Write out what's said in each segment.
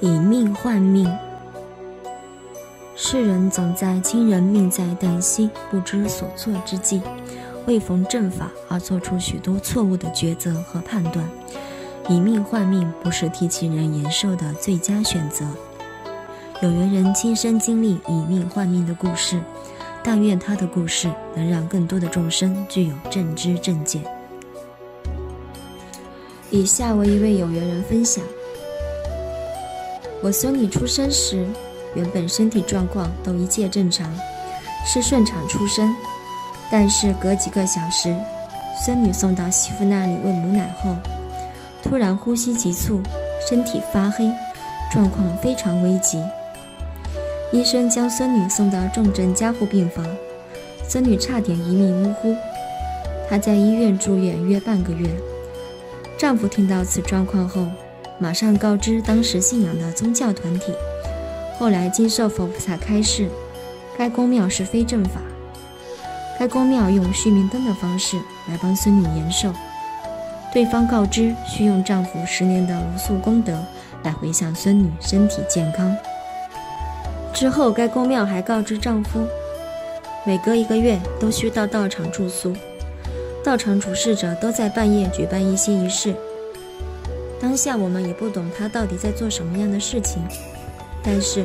以命換命，世人總在親人命在旦夕、不知所措之際，未逢正法而做出許多錯誤的抉擇和判斷。以命換命不是替親人延壽的最佳選擇。有緣人親身經歷以命換命的故事，但願他的故事能讓更多的眾生具有正知正見。以下為一位有緣人分享。我孫女出生時，原本身體狀況都一切正常，是順產出生。但是隔幾個小時，孫女送到媳婦那裡餵母奶後，突然呼吸急促，身體發黑，狀況非常危急。醫生將孫女送到重症加護病房，孫女差點一命嗚呼。她在醫院住院約半個月，丈夫聽到此狀況後，馬上告知當時信仰的宗教團體。後來經受佛菩薩開示，該宮廟是非正法。該宮廟用續命燈的方式來幫孫女延壽。對方告知需用丈夫十年的茹素功德來回向孫女身體健康。之後該宮廟還告知丈夫，每隔一個月都需到道場住宿，道場主事者都在半夜舉辦一些儀式。當下我們也不懂他到底在做什麼樣的事情，但是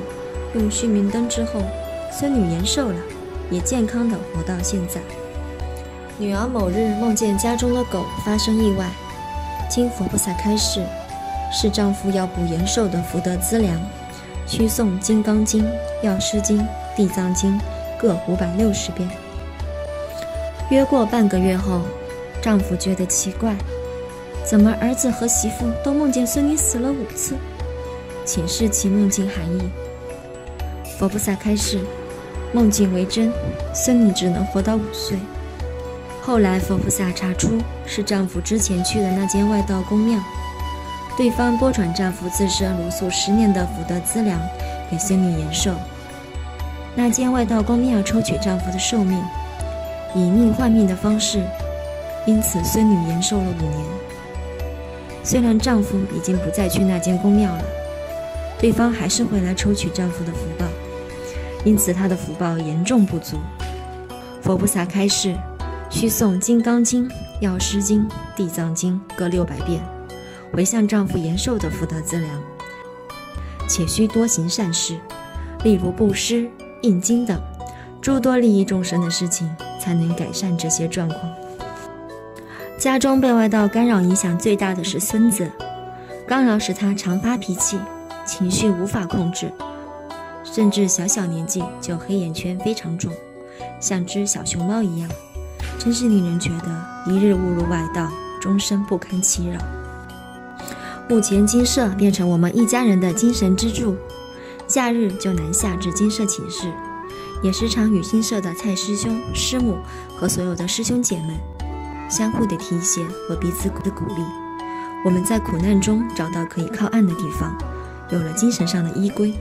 用續命燈之後，孫女延壽了，也健康的活到現在。女兒某日夢見家中的狗發生意外，經佛菩薩開示，是丈夫要補延壽的福德資糧，需誦《金剛經》《藥師經》《地藏經》各五百六十遍。約過半個月後，丈夫覺得奇怪。怎麼，兒子和媳婦都夢見孫女死了五次，請示其夢境含義。佛菩薩開示：夢境為真，孫女只能活到五歲。後來佛菩薩查出是丈夫之前去的那間外道宮廟，對方撥轉丈夫自身茹素十年的福德資糧給孫女延壽。那間外道宮廟抽取丈夫的壽命，以命換命的方式，因此孫女延壽了五年。雖然丈夫已經不再去那間宮廟了，對方還是會來抽取丈夫的福報，因此她的福報嚴重不足。佛菩薩開示，需誦《金剛經》《藥師經》《地藏經》各六百遍，回向丈夫延壽的福德資糧，且需多行善事，例如布施、印經等諸多利益眾生的事情，才能改善這些狀況。家中被外道干擾影響最大的是孫子，干擾使他常發脾氣，情緒無法控制，甚至小小年紀就黑眼圈非常重，像隻小熊貓一樣，真是令人覺得一日誤入外道，終身不堪其擾。目前精舍變成我們一家人的精神支柱，假日就南下至精舍請示，也時常與精舍的蔡師兄、師母和所有的師兄姐們。相互的提攜和彼此的鼓勵，我們在苦難中找到可以靠岸的地方，有了精神上的依歸。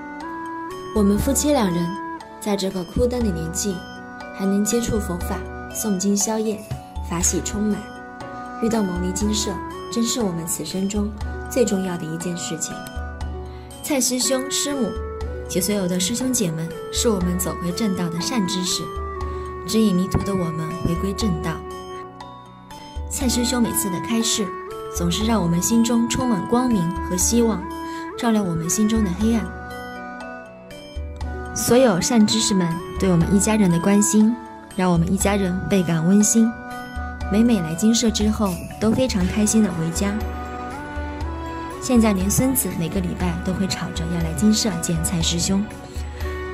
我們夫妻兩人在這個枯燈的年紀，還能接觸佛法、誦經、消業，法喜充滿。遇到牟尼精舍，真是我們此生中最重要的一件事情。蔡師兄、師母及所有的師兄姐們，是我們走回正道的善知識。指引迷途的我們回歸正道。蔡師兄每次的開示，總是讓我們心中充滿光明和希望，照亮我們心中的黑暗。所有善知識們對我們一家人的關心，讓我們一家人倍感溫馨。每每來精舍之後，都非常開心的回家。現在連孫子每個禮拜都會吵着要來精舍見蔡師兄，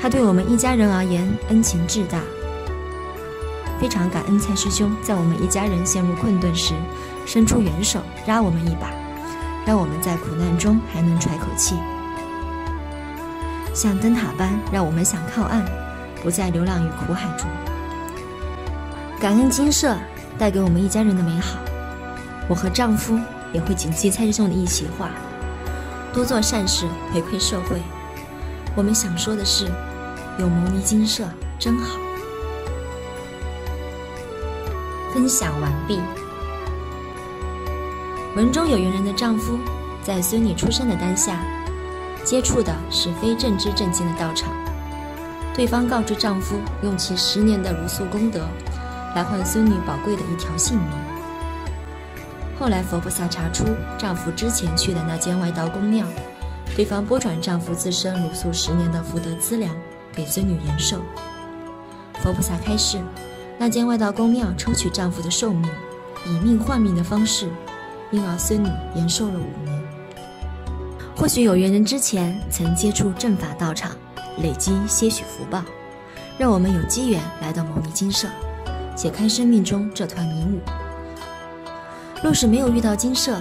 他對我們一家人而言恩情至大。非常感恩蔡師兄在我們一家人陷入困頓時伸出援手拉我們一把，讓我們在苦難中還能喘口氣，像燈塔般讓我們想靠岸，不再流浪於苦海中。感恩精舍帶給我們一家人的美好，我和丈夫也會謹記蔡師兄的一席話，多做善事回饋社會。我們想說的是，有牟尼精舍真好。分享完畢。文中有緣人的丈夫，在孫女出生的當下，接觸的是非正知正見的道場。對方告知丈夫，用其十年的茹素功德，來換孫女寶貴的一條性命。後來佛菩薩查出丈夫之前去的那間外道宮廟，對方撥轉丈夫自身茹素十年的福德資糧給孫女延壽。佛菩薩開示。那間外道宮廟抽取丈夫的壽命，以命換命的方式，嬰兒孫女延壽了五年。或許有緣人之前曾接觸陣法道場，累積些許福報，讓我們有機緣來到牟尼精舍，解開生命中這團迷霧。若是沒有遇到精舍，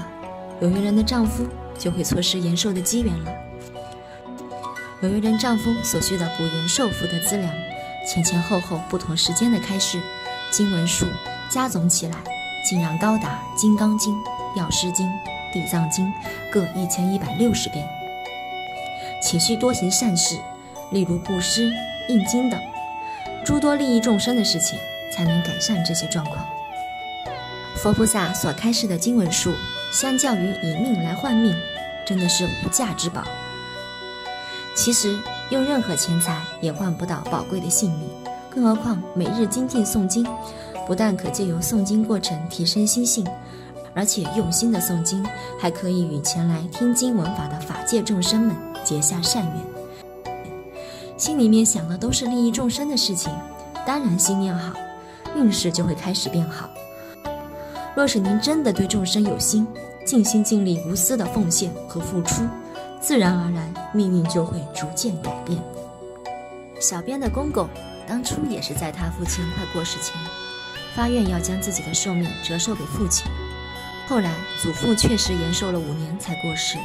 有緣人的丈夫就會錯失延壽的機緣了。有緣人丈夫所需的補延壽福的資糧。前前後後不同時間的開示經文數加總起來，竟然高達《金剛經》《藥師經》《地藏經》各一千一百六十遍。且需多行善事，例如布施、印經等諸多利益眾生的事情，才能改善這些狀況。佛菩薩所開示的經文數，相較於以命來換命，真的是無價之寶。其實，用任何錢財也換不到寶貴的性命，更何況每日精進誦經，不但可借由誦經過程提升心性，而且用心的誦經，還可以與前來聽經聞法的法界眾生們結下善緣。心裡面想的都是利益眾生的事情，當然心念好，運勢就會開始變好。若是您真的對眾生有心，盡心盡力無私的奉獻和付出。自然而然，命運就會逐漸改變。小編的公公當初也是在他父親快過世前發願要將自己的壽命折壽給父親，後來祖父確實延壽了五年才過世，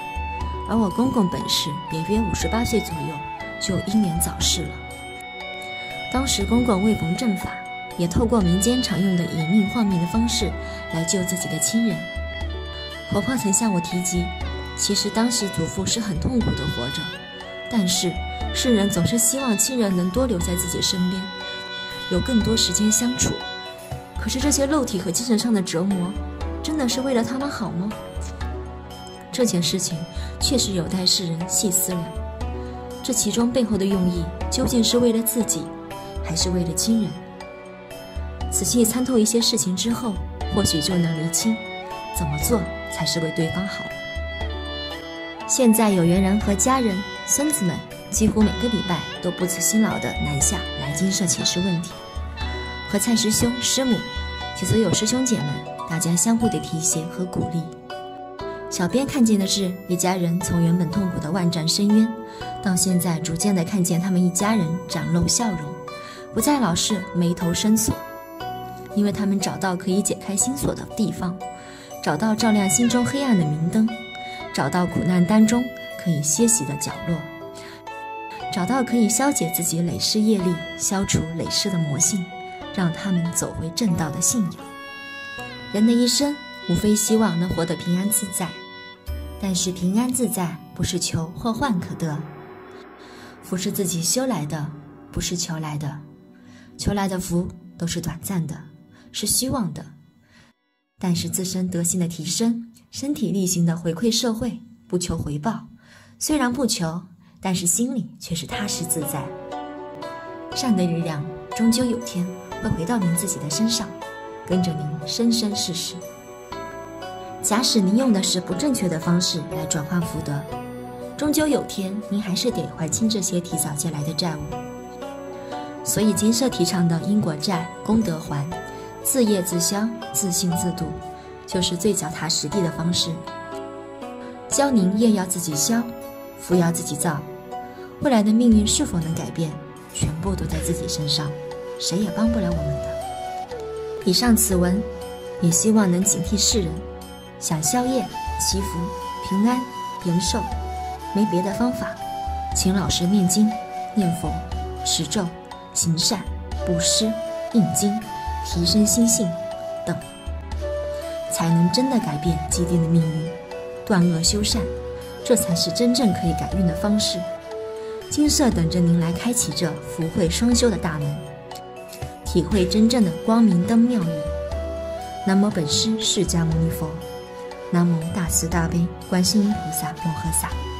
而我公公本世也約五十八歲左右就英年早逝了。當時公公未逢正法，也透過民間常用的以命換命的方式來救自己的親人。婆婆曾向我提及。其實當時祖父是很痛苦的活着，但是世人總是希望親人能多留在自己身邊，有更多時間相處。可是這些肉體和精神上的折磨，真的是為了他們好嗎？這件事情確實有待世人細思量。這其中背後的用意，究竟是為了自己，還是為了親人？仔細參透一些事情之後，或許就能釐清，怎麼做才是為對方好。現在有緣人和家人、孫子們幾乎每個禮拜都不辭辛勞地南下來精舍請示問題，和蔡師兄、師母及所有師兄姐們，大家相互的提攜和鼓勵。小編看見的是，一家人從原本痛苦的萬丈深淵，到現在逐漸的看見他們一家人展露笑容，不再老是眉頭深鎖，因為他們找到可以解開心鎖的地方，找到照亮心中黑暗的明燈。找到苦難當中可以歇息的角落，找到可以消解自己累世業力、消除累世的魔性，讓他們走回正道的信仰。人的一生，無非希望能活得平安自在，但是平安自在不是求或患可得。福是自己修來的，不是求來的。求來的福都是短暫的，是虛妄的。但是自身德行的提升，身體力行的回饋社會，不求回報。雖然不求，但是心裡卻是踏實自在。善的力量，終究有天會回到您自己的身上，跟着您生生世世。假使您用的是不正確的方式來轉換福德，終究有天您還是得還清這些提早借來的債務。所以，精舍提倡的因果債，功德還。自業自消，自信自度，就是最腳踏實地的方式。教您業要自己消，福要自己造。未來的命運是否能改變，全部都在自己身上，誰也幫不了我們的。以上此文，也希望能警惕世人，想消業、祈福、平安、延壽，沒別的方法，請老實念經、念佛、持咒、行善、布施、印經。提升心性等，才能真的改變既定的命運，斷惡修善，這才是真正可以改運的方式。金色等着您來開啟這福慧雙修的大門，體會真正的光明燈妙義。南無本師釋迦牟尼佛，南無大慈大悲觀世音菩薩摩訶薩。